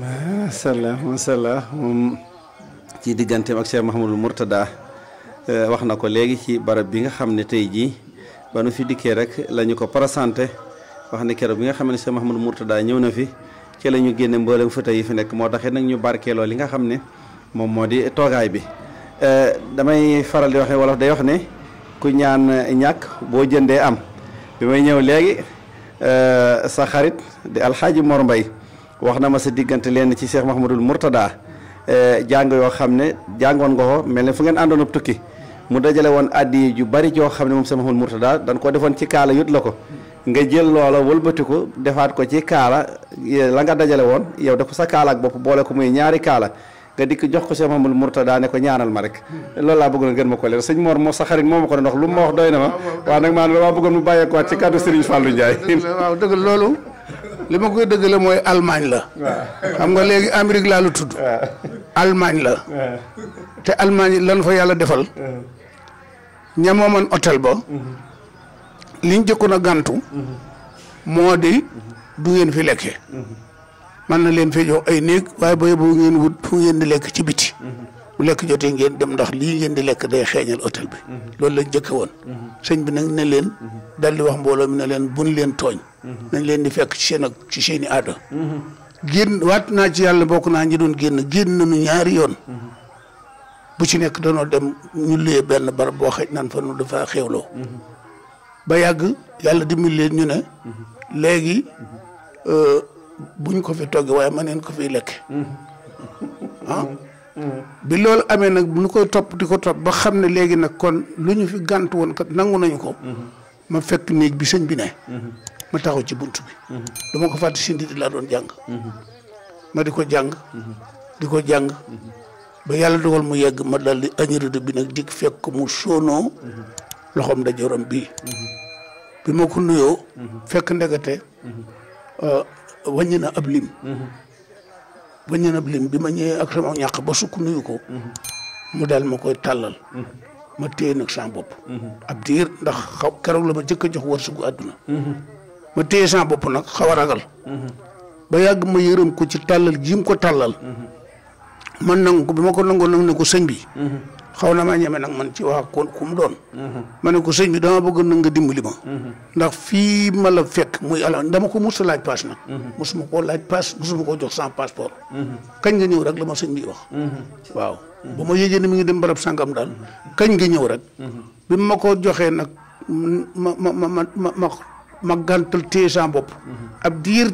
macha allah macha allah moom ci digganteem ak Cheikh Mahamadou Mourtada eh, wax na ko léegi ci barab bi nga xam ne tey jii ba nu fi dikkee rek lañu ko présenté wax ne keroog bi nga xam ne Cheikh Mahamadou Mourtada ñëw na fi ci la ñu génne mboolem fëta yi fi nekk moo taxit nag ñu barkeeloo li nga xam ne moom moo di toogaay bi euh, damay faral di wax ne day wax ne ku ñaan ñàkk boo jëndee am may ñëw léegi euh, sa xarit di alxaaji Mor Mbay wax na ma sa diggante leen ci seex Cheikh Mahamadul Mourtada euh, jàng yoo xam ne jàngoon nga ko mel ne fu ngeen àndoon ab tukki mu dajale woon addi ju bari joo xam ne moom Cheikh Mahamadul Mourtada dañ koo defoon ci kaala yut la ko nga jël loola wëlbati ko defaat ko ci kaala la nga dajale woon yow da ko sa kaala ak bopp boole ko muy ñaari kaala nga dikk jox ko Cheikh Mamadou murtada ne ko ñaanal ma rek loolu laa bëggoon gën ma ko leer sëñ Mor moo sa xarit moo ma ko doon wax lu ma wax doy na ma ah, waaw nag maanaam bëggoon mu ko ci kàddu fallu waaw dëgg loolu li koy mooy Allemagne la xam nga léegi Amérique laa lu tudd Allemagne la te Allemagne lan fa yàlla defal ña mooman ba mhm. liñ jëkkoon a gàntu mhm. moo di du ngeen fi lekke man mhm. na leen fee jox ay néeg waaye ba bu ngeen wut fu ngeen di lekk ci biti mhm. bu lekk jotee ngeen dem ndax lii ngeen di lekk day xeeñal hôtel bi loolu lañ jëkke woon sëñ bi nag ne leen dal di wax mbooloo mi ne leen buñ leen tooñ nañ leen di fekk ci seen ak ci seen i aada génn waat naa ci yàlla bokk naa ñi doon génn génn mi ñaari yoon bu ci nekk danoo dem ñu luyee benn barab boo xëj nan fa nu dafa xewloo ba yàgg yàlla dimbali leen ñu ne léegi euh, buñ ko fi toggee waaye ma neen ko fi lekk ah mm-hmm. bi loolu amee nag bu ñu koy topp di ko topp ba xam ne léegi nag kon lu ñu fi gànt woon kat nangu nañu ko mm-hmm. ma fekk néeg bi sëñ bi ne mm-hmm. ma taxaw ci bunt bi dama ko fàtte si nit laa doon jàng ma di ko jàng di ko jàng ba yàlla dogal mu yegg ma dal di añuridu bi nag dikk fekk mu sono loxom da jorom bi bi ma ko nuyoo fekk ndegate euh, wàññi na ab lim wàññi ab lim bi ma ñewé ak sama ñak ba suku nuyu ko mu dal ma koy talal ma téye nak sa bop. ab ndax xaw la ma jëk jox war suku aduna ma téye sa bop nag xaw a ragal ba yag ma yërëm ko ci talal jim ko talal man nangu ko bima ko nangoo nang ne ko sëñ bi xaw na maa ñeme nag man ci wax ko ku mu doon. ma ne ko sëñ bi dama bëgg na nga dimbali ma. ndax fii ma la fekk muy ala dama ko mos a laaj paas na mosuma koo laaj paas koo jox sans passeport. kañ nga ñëw rek la ma sëñ bi wax. waaw ba ma yéegee ne mi ngi dem barab sangam daal kañ nga ñëw rek. bi ma ko joxee nag ma ma ma ma ma ma gàntal téye sa bopp. ab bi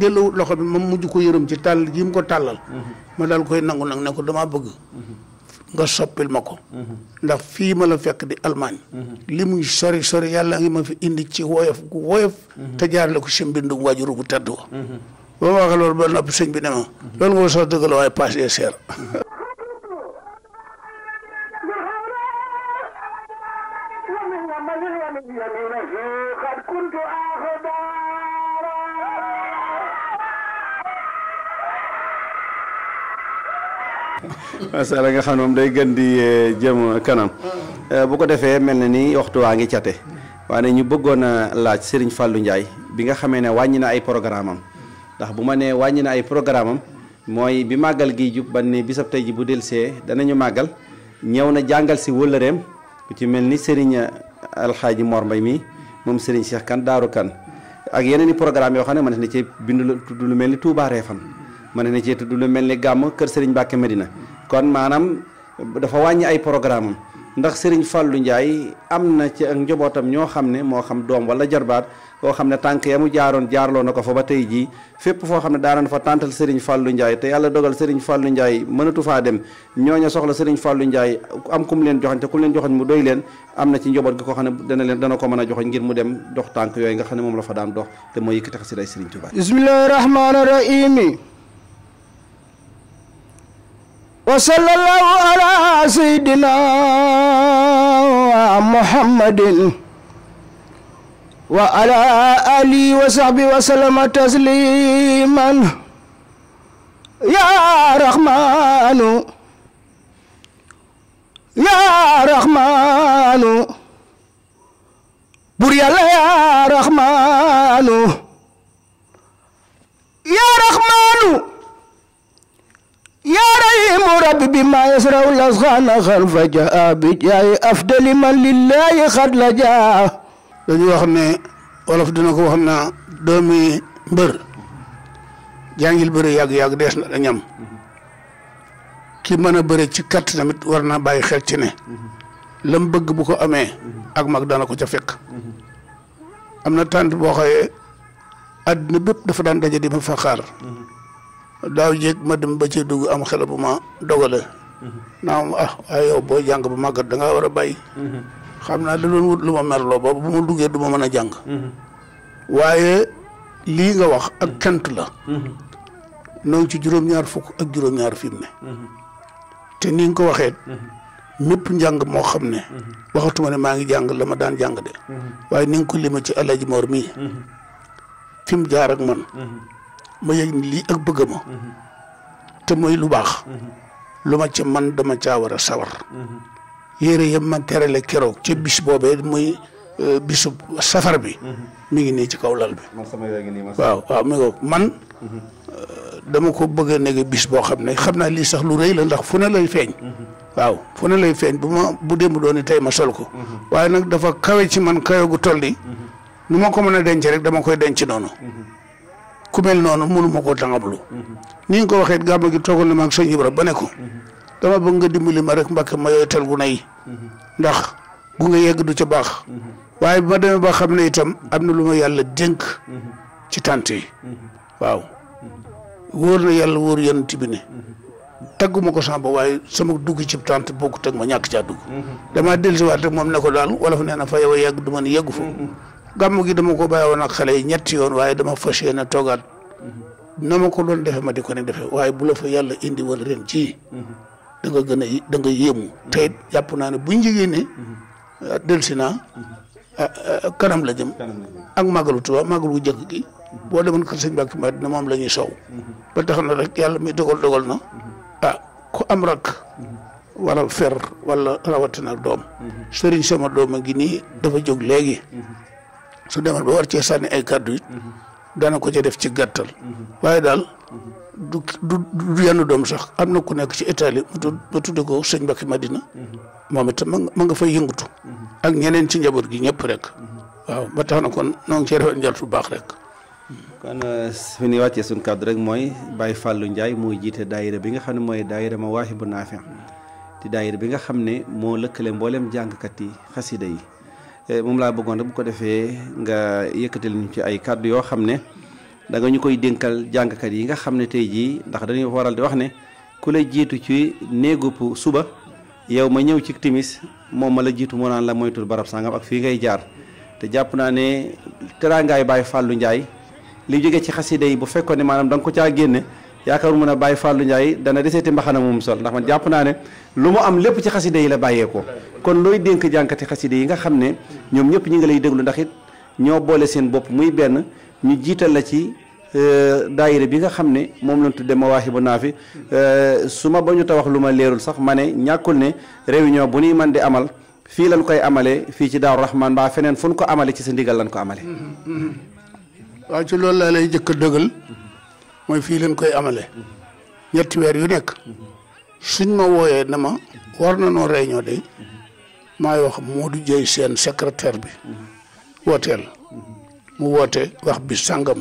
delloo loxo bi ma mujj ko yërëm ci tàll ji ko tàllal. ma daal koy nangu nag ne ko damaa bëgg. nga soppil ma ko. ndax fii ma la fekk di Allemagne. li muy sori sori yàlla ngi ma fi indi ci woyof gu woyof. te jaarale ko si mbindum waajuru gu tedd wa. boo ma waxee loolu ba noppi sëñ bi ma. loolu nga ko soxla dëgg la waaye paas seer. masala nga xam day gëndi eh, jëm kanam eh, bu ko defé mel na ni waxtu waa ngi cate ñu bëggona laaj Serigne fallu ndjay bi nga xamé né wañina ay programme am ndax buma né wañina ay programme am mooy bi magal gi jub banni ne bisab tey ji bu delsee danañu na jangal si wëllëreem ku ci mel ni Serigne eh, alhaji Mor Mbay mi mom Serigne Cheikh Kan daru Kan ak yeneeni programme yo man ci bindu lu mel Touba Refan mën na cee tudd lu mel ni gàmm kër Serigne Mbacke Medina kon maanaam dafa wàññi ay programme am ndax Serigne Fallou njaay am na ci ak njabootam ñoo xam ne moo xam doom wala jarbaat koo xam ne tànk ya mu jaaroon jaarloo na ko fa ba tey jii fépp foo xam ne daanañ fa tàntal Serigne Fallou Ndiaye te yàlla dogal Serigne Fallou Ndiaye mënatu faa dem ñooña soxla Serigne Fallou Ndiaye am ku leen joxañ ku mu leen joxañ mu doy leen am na ci njaboot gi koo xam ne dana leen dana ko mën a joxañ ngir mu dem dox tànk yooyu nga xam ne moom la fa daan dox te moo te xasida Serigne Touba bismillahi rahmaani rahim وصلى الله على سيدنا محمد وعلى آله وصحبه وسلم تسليما يا رحمن يا رحمن بريال يا رحمن يا رحمن يا رحيم رب بما Ma الأسخان خلف جاء بجاي أفضل من لله قد لجا dañuy wax ne wolof dina ko wax naa doomi mbër jàngil bëre yàgg beri dees na ñam ki mën a bëre ci katt tamit war naa bàyyi xel ci ne lam bëgg bu ko amee ak mag dana ko di ma daaw jéeg ma dem ba ci dugg am xel bu ma dogale. Mm-hmm. naa am ah waaye ah, yow boo jàng ba màggat da war a bàyyi. Mm-hmm. xam naa da doon wut lu ma merloo bu ma duggee du ma mën a jàng. Mm-hmm. waaye lii nga wax ak kent la. noo ci juróom-ñaar fukk ak juróom-ñaar fi ne. te ni ko waxee. mépp njàng moo xam ne. waxatuma ne maa ngi jàng la ma daan jàng de. waaye ni ko lima ci El Hadj Mor mii. fi man. ma yëg ni lii ak bëgg ma mhm. te mooy lu baax mhm. lu ma ca man dama caa war a sawar mhm. yére yëpp ma terale keroog ci bis boobee muy euh, bisu safar bi mi ngi nii ci kaw lal bi waaw waaw mi man euh, dama ko bëgg a nekk bis boo xam ne xam naa lii sax lu rëy la ndax fu ne lay feeñ waaw fu ne lay feeñ bu ma bu démb doon tey ma sol ko waaye nag dafa kawe ci man kawe gu toll ni nu ma ko mën a denc rek dama koy denc noonu ku noonu mënu ma koo tàngablu ni ko waxee gàmm gi toogal na ma ak sëñ Ibra ba ko dama bëgg nga dimbali ma rek mbàkk ma yooyu tel gu ndax gu nga yegg du ca baax waaye ba ma demee ba xam ne itam am na lu ma yàlla dénk ci tànt yi waaw wóor na yàlla wóor yenn tibi ne tagguma ko samba waaye sama dugg ci tànt bokku teg ma ñàkk caa dugg damaa dellusiwaat moom ne ko daal wala fa nee na fa yow a ma ni yeggu gàmm gi dama ko bàyyi woon ak xale yi ñetti yoon waaye dama fas a toogaat na ma ko doon defee ma di ko ne waaye bu la fa yàlla indi wal ren ci da nga gën a da nga yéemu te naa ne bu njigéen ne ah, delsi naa ah, ah, kanam la jëm ak màggalu Tuubaa màggalu jëkk gi boo demoon kër sëñ Mbàkke na moom la ñuy sow ba tax na rek yàlla mi dogal dogal na ah ku am rak wala fer wala rawatina doom mhm. sëriñ sama doom a ngi dafa jóg léegi su demee ba war cee sànni ay kàddu it dana ko ci def ci gàttal waaye daal du yenn doom sax am na ku nekk ci Italie mu tudd ba tudd ko sëñ Mbacke Madina moom itam ma nga fay yëngatu ak ñeneen ci njaboot gi ñëpp rekk waaw ba tax na ko noo ngi cee rafet njort baax rek. kon fi ñuy wàccee suñu rek mooy Baye Fallou Ndiaye mooy jiite daayira bi nga xam ne mooy daayira ma waaxi bu naafi di daayira bi nga xam ne moo lëkkale mboolem jàngkat yi xasida yi. Eh, moom laa bëggoon rek bu ko defee nga yëkkatil ñu ci ay kàddu yoo xam ne da nga ñu koy dénkal jàngkat yi nga xam ne tey jii ndax dañuy waral di wax ne ku la jiitu ci néegub suba yow ma ñëw ci timis moom ma la jiitu moo naan la moytul barab sangam ak fii ngay jaar te jàpp naa ne teraangaay Baay Fàllu Njaay li jóge ci xasida yi bu fekkoon ne maanaam danga ko caa génne yaakaaruma ne Baye Fallou Ndiaye dana deseeti mbaxana moom sol ndax man jàpp naa ne lu mu am lépp ci xaside yi la bàyyeekoo kon looy dénk jànkati xaside yi nga xam ne ñoom ñëpp ñu ngi lay déglu ndax ñoo boole seen bopp muy benn ñu jiital la ci euh, daayira bi nga xam ne moom lañ tudde naa Naafi euh, su ma bañu ta wax lu ma leerul sax ma ne ñàkkul ne réunion bu nuy man di amal fii lañ koy amalee fii ci Daaru Rahman mbaa feneen fu ñu ko amale ci sa ndigal lañ ko mooy fii leen koy amale ñetti weer yu nekk suñ ma wooyee ne ma war na noo réunion de may wax du Dieye seen secrétaire bi wooteel mu woote wax bi sàngam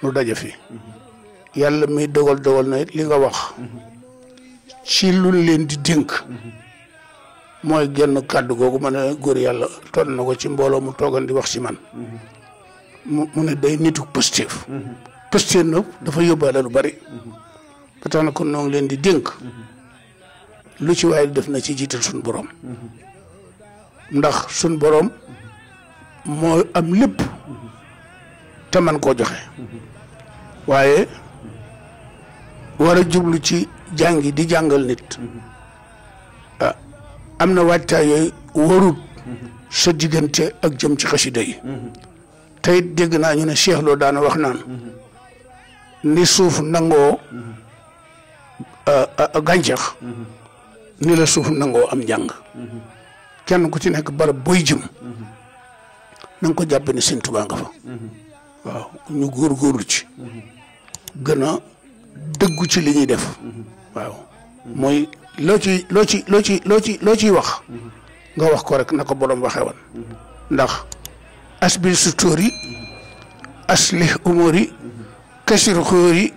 nu daje fi yàlla mi dogal dogal na li nga wax ci luñ leen di dénk mooy genn kàddu googu ma ne góor yàlla ton na ko ci mbooloo mu toogan di wax ci man mu ne day nitu positif pëstéef nag dafa yóbbaale lu bari ba tax na kon noo leen di dénk lu ci waaye def na ci jiital suñ borom ndax suñ borom moo am lépp te man koo joxe waaye wara a jublu ci jàngi di jàngal nit ah, am na waajtaay yooyu warut sa diggante ak jëm ci xasida yi tey dégg naa ñu ne Cheikh Lo wax naan ni suuf nangoo mm-hmm. gàncax mm-hmm. ni la suuf nangoo am njàng mm-hmm. kenn ku ci nekk barab booy jëm na ko jàppe ni sëñ Tuubaa nga fa waaw ñu góorgóorlu ci gën a dëggu ci li ñuy def waaw mooy loo ci loo ci loo ci loo ci loo ciy wax nga wax ko rek na ko boroom waxee woon ndax asbil sutóori aslih umóori kasir xóori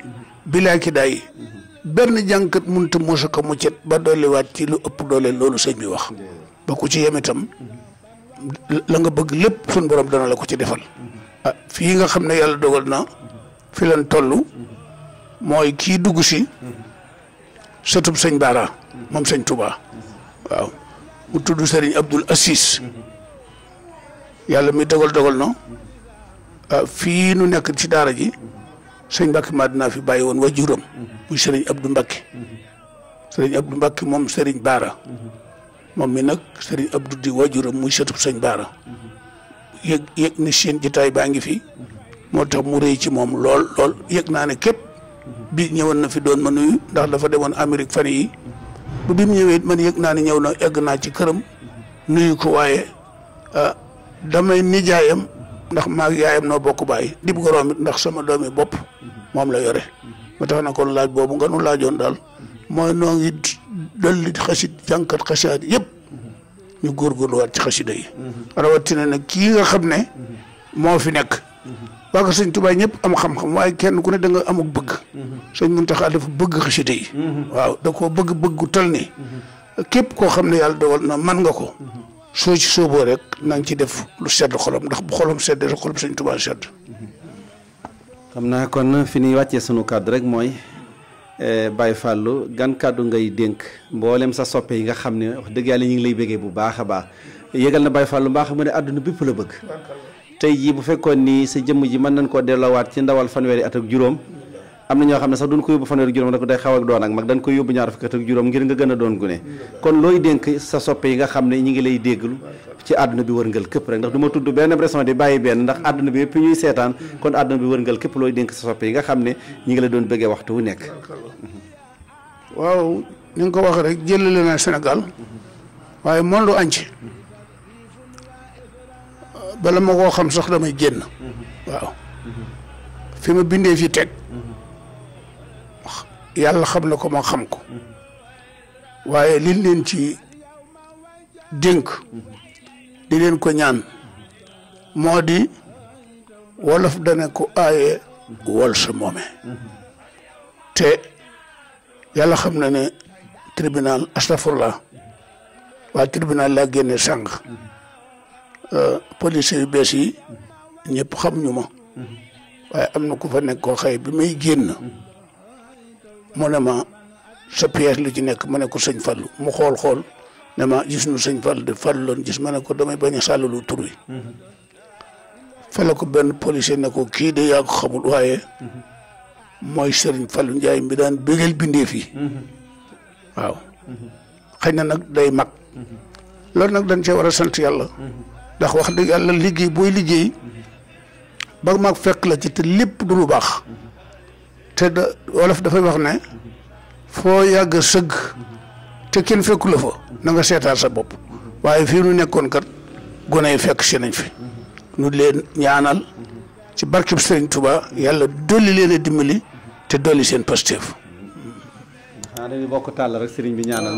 bilaa ki daay benn jànkat mënut a mos a ko muccet ba dolliwaat ci lu ëpp doole loolu sëñ bi wax ba ku ci yem la nga bëgg lépp suñ borom dana la ko ci defal. ah fii nga xam ne yàlla dogal na fi lan toll mooy kii dugg si sëtub sëñ moom sëñ Touba waaw mi dogal dogal na ah, fii nu nekk ci daara ji. sëñ Mbacke Madina fi bàyyi woon wajuram muy sëriñ Abdou Mbacke sëriñ Abdou Mbacke moom sëriñ Baara moom mi nag sëriñ Abdou di wajuram muy sëtub sëñ Baara yëg yëg ni seen jotaay baa ngi fi moo tax mu rëy ci moom lool lool yëg naa ne képp bi ñëwoon na fi doon ma nuyu ndax dafa demoon Amérique fan yi bu bi mu ñëwee man yëg naa ne ñëw na egg naa ci këram nuyu ko waaye ah, damay nijaayam ndax maa yaayam noo bokk bàyyi dib goroom it ndax sama doomi bopp moom la yore ba tax na ko laaj boobu nga nu laajoon daal mooy noo ngi dolli xasit jànkat xasaat yëpp ñu góorgóorluwaat ci xasida yi rawatina nag kii nga xam ne moo fi nekk waa ko sëñ Tuubaa ñëpp am xam-xam waaye kenn ku ne danga nga amuk bëgg sëñ Muntaxa dafa bëgg xasida yi da koo bëgg bëggu tal ni koo xam ne yàlla dogal na man nga ko soo ci sóoboo rek na ci def lu sedd xolam ndax bu xolam sedd sa xolam sëñ Tuubaa sedd xam naa kon fi ñuy wàccee sunu kàddu rek mooy eh, Baye Fallou gan kàddu ngay dénk mboolem sa soppe yi nga xam ne wax dëgg yàlla ñu ngi lay bëggee bu baax a baax yëgal na Baye Fallou mbaa xam ne àdduna bépp la bëgg tey jii bu fekkoon ni sa jëmm ji mën nañ koo delloowaat ci ndawal fanweeri at ak juróom amna ñoo xamne sax duñ ko yóbbu fanweer juróom rek day xaw ak doon ak mag dañ ko yobbu ñaar ak ngir nga gëna doon gune kon loy denk sa soppe yi nga xamne ñi ngi lay dégglu ci aduna bi wërngal kep rek ndax duma tuddu benn pression di bayyi benn ndax aduna bi yepp ñuy seetaan kon aduna bi wërngal kep loy denk sa soppe yi nga xamne ñi ngi la doon bëgge waxtu wu nekk waaw ni ko wax rek le na Sénégal waye monde anci bala mako xam sax damay genn waaw fi ma bindé fi tek yàlla xam na ko ma xam ko waaye liñ leen ci dénk di leen ko ñaan moo di wolof dana ko aaye wol sa moome te yàlla xam na ne tribunal astafurla waa tribunal la génne sànq euh, police yu bees yi ñëpp xam ñu ma waaye am na ku fa nekk koo xëy bi may génn mu ne ma sa pièce lu ci nekk ma ne ko sëñ Fallou mu xool xool ne ma gis nu sëñ Fallou de Fallou loon gis ma ne ko damay bañ a sàllalu tur wi. ko benn policier ne ko kii de yaa ko xamul waaye. mooy Serigne Fallou njaay mi daan bëggal bindee fii. waaw. xëy na nag day mag. loolu nag dañ cee war a sant yàlla. ndax wax dëgg yàlla liggéey booy liggéey. ba mag fekk la ci te lépp du lu te da wolof dafay wax ne foo yàgg sëgg te kenn fekku la fa na nga sa bopp waaye fii nu nekkoon kat gone yi fekk si nañ fi nu leen ñaanal ci barkeb Sëriñ Tuubaa yàlla dolli leen a dimbali te dolli seen Pastef. ah bokk tàll sëriñ bi ñaanal